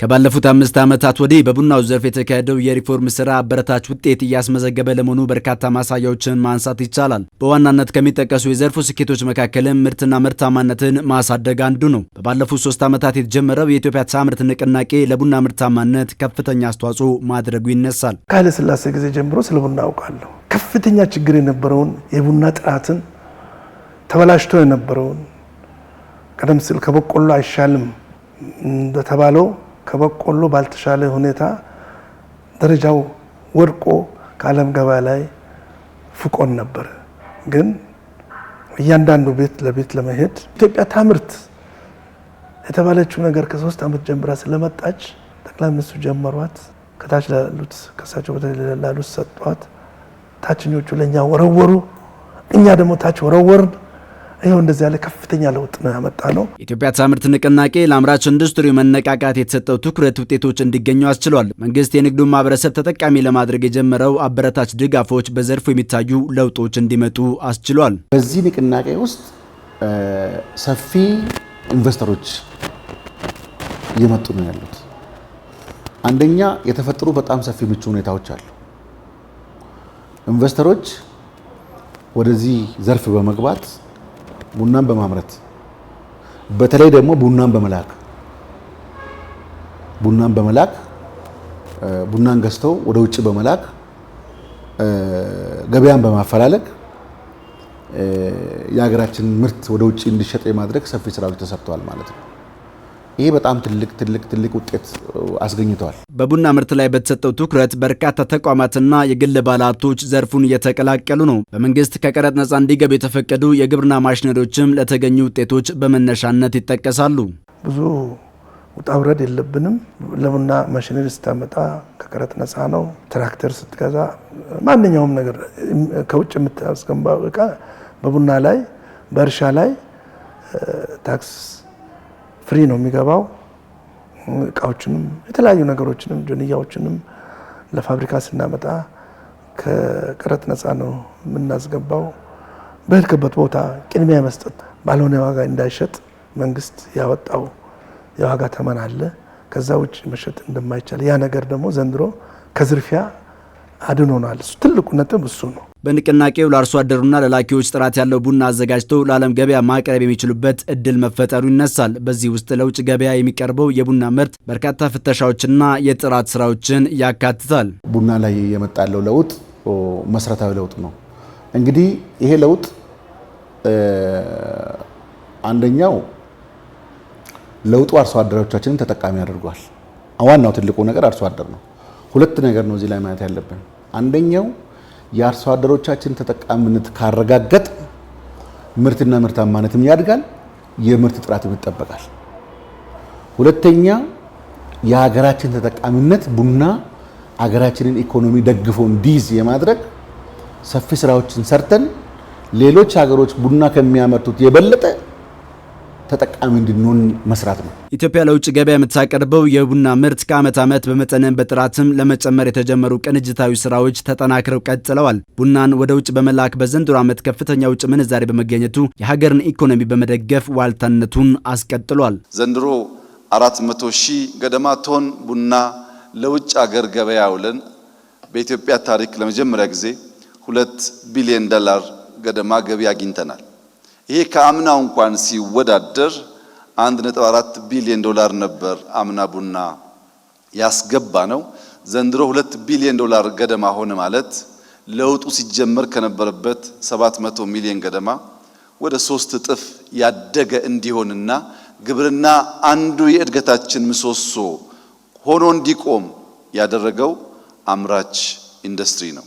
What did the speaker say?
ከባለፉት አምስት ዓመታት ወዲህ በቡናው ዘርፍ የተካሄደው የሪፎርም ስራ አበረታች ውጤት እያስመዘገበ ለመሆኑ በርካታ ማሳያዎችን ማንሳት ይቻላል። በዋናነት ከሚጠቀሱ የዘርፉ ስኬቶች መካከልም ምርትና ምርታማነትን ማሳደግ አንዱ ነው። በባለፉት ሶስት ዓመታት የተጀመረው የኢትዮጵያ ታምርት ንቅናቄ ለቡና ምርታማነት ከፍተኛ አስተዋጽኦ ማድረጉ ይነሳል። ስላሴ ጊዜ ጀምሮ ስለ ቡና አውቃለሁ። ከፍተኛ ችግር የነበረውን የቡና ጥራትን ተበላሽቶ የነበረውን ቀደም ሲል ከበቆሎ አይሻልም እንደተባለው ከበቆሎ ባልተሻለ ሁኔታ ደረጃው ወድቆ ከዓለም ገበያ ላይ ፍቆን ነበር። ግን እያንዳንዱ ቤት ለቤት ለመሄድ ኢትዮጵያ ታምርት የተባለችው ነገር ከሶስት ዓመት ጀምራ ስለመጣች ጠቅላይ ሚኒስትሩ ጀመሯት። ከታች ላሉት ከሳቸው ላሉት ሰጧት። ታችኞቹ ለእኛ ወረወሩ፣ እኛ ደግሞ ታች ወረወርን። ይኸው እንደዚህ ያለ ከፍተኛ ለውጥ ነው ያመጣ ነው። የኢትዮጵያ ታምርት ንቅናቄ ለአምራች ኢንዱስትሪው መነቃቃት የተሰጠው ትኩረት ውጤቶች እንዲገኙ አስችሏል። መንግስት የንግዱን ማህበረሰብ ተጠቃሚ ለማድረግ የጀመረው አበረታች ድጋፎች በዘርፉ የሚታዩ ለውጦች እንዲመጡ አስችሏል። በዚህ ንቅናቄ ውስጥ ሰፊ ኢንቨስተሮች እየመጡ ነው ያሉት። አንደኛ የተፈጠሩ በጣም ሰፊ ምቹ ሁኔታዎች አሉ። ኢንቨስተሮች ወደዚህ ዘርፍ በመግባት ቡናን በማምረት በተለይ ደግሞ ቡናን በመላክ ቡናን በመላክ ቡናን ገዝተው ወደ ውጭ በመላክ ገበያን በማፈላለግ የሀገራችን ምርት ወደ ውጭ እንዲሸጥ የማድረግ ሰፊ ስራዎች ተሰርተዋል ማለት ነው። ይሄ በጣም ትልቅ ትልቅ ትልቅ ውጤት አስገኝተዋል። በቡና ምርት ላይ በተሰጠው ትኩረት በርካታ ተቋማትና የግል ባለሀብቶች ዘርፉን እየተቀላቀሉ ነው። በመንግስት ከቀረጥ ነፃ እንዲገቡ የተፈቀዱ የግብርና ማሽነሪዎችም ለተገኙ ውጤቶች በመነሻነት ይጠቀሳሉ። ብዙ ውጣ ውረድ የለብንም። ለቡና ማሽነሪ ስታመጣ ከቀረጥ ነፃ ነው። ትራክተር ስትገዛ፣ ማንኛውም ነገር ከውጭ የምታስገባው እቃ በቡና ላይ በእርሻ ላይ ታክስ ፍሪ ነው የሚገባው። እቃዎችንም የተለያዩ ነገሮችንም ጆንያዎችንም ለፋብሪካ ስናመጣ ከቀረጥ ነፃ ነው የምናስገባው። በሄድክበት ቦታ ቅድሚያ መስጠት ባልሆነ ዋጋ እንዳይሸጥ መንግስት ያወጣው የዋጋ ተመን አለ። ከዛ ውጭ መሸጥ እንደማይቻል ያ ነገር ደግሞ ዘንድሮ ከዝርፊያ አድኖናል። እሱ ትልቁ ነጥብ እሱ ነው። በንቅናቄው ለአርሶ አደሩና ለላኪዎች ጥራት ያለው ቡና አዘጋጅተው ለዓለም ገበያ ማቅረብ የሚችሉበት እድል መፈጠሩ ይነሳል። በዚህ ውስጥ ለውጭ ገበያ የሚቀርበው የቡና ምርት በርካታ ፍተሻዎችና የጥራት ስራዎችን ያካትታል። ቡና ላይ የመጣለው ያለው ለውጥ መሰረታዊ ለውጥ ነው። እንግዲህ ይሄ ለውጥ አንደኛው ለውጡ አርሶ አደሮቻችንን ተጠቃሚ አድርጓል። ዋናው ትልቁ ነገር አርሶ አደር ነው። ሁለት ነገር ነው እዚህ ላይ ማየት ያለብን አንደኛው የአርሶ አደሮቻችን ተጠቃሚነት ካረጋገጥ ምርትና ምርታማነትም ያድጋል፣ የምርት ጥራትም ይጠበቃል። ሁለተኛ የሀገራችን ተጠቃሚነት ቡና ሀገራችንን ኢኮኖሚ ደግፎ እንዲይዝ የማድረግ ሰፊ ስራዎችን ሰርተን ሌሎች ሀገሮች ቡና ከሚያመርቱት የበለጠ ተጠቃሚ እንድንሆን መስራት ነው። ኢትዮጵያ ለውጭ ገበያ የምታቀርበው የቡና ምርት ከዓመት ዓመት በመጠንም በጥራትም ለመጨመር የተጀመሩ ቅንጅታዊ ስራዎች ተጠናክረው ቀጥለዋል። ቡናን ወደ ውጭ በመላክ በዘንድሮ ዓመት ከፍተኛ ውጭ ምንዛሬ በመገኘቱ የሀገርን ኢኮኖሚ በመደገፍ ዋልታነቱን አስቀጥሏል። ዘንድሮ አራት መቶ ሺህ ገደማ ቶን ቡና ለውጭ አገር ገበያ ውለን በኢትዮጵያ ታሪክ ለመጀመሪያ ጊዜ ሁለት ቢሊዮን ዶላር ገደማ ገቢ አግኝተናል። ይሄ ከአምናው እንኳን ሲወዳደር 1.4 ቢሊዮን ዶላር ነበር አምና ቡና ያስገባ ነው። ዘንድሮ ሁለት ቢሊዮን ዶላር ገደማ ሆነ ማለት ለውጡ ሲጀመር ከነበረበት 700 ሚሊዮን ገደማ ወደ ሶስት እጥፍ ያደገ እንዲሆንና ግብርና አንዱ የእድገታችን ምሰሶ ሆኖ እንዲቆም ያደረገው አምራች ኢንዱስትሪ ነው።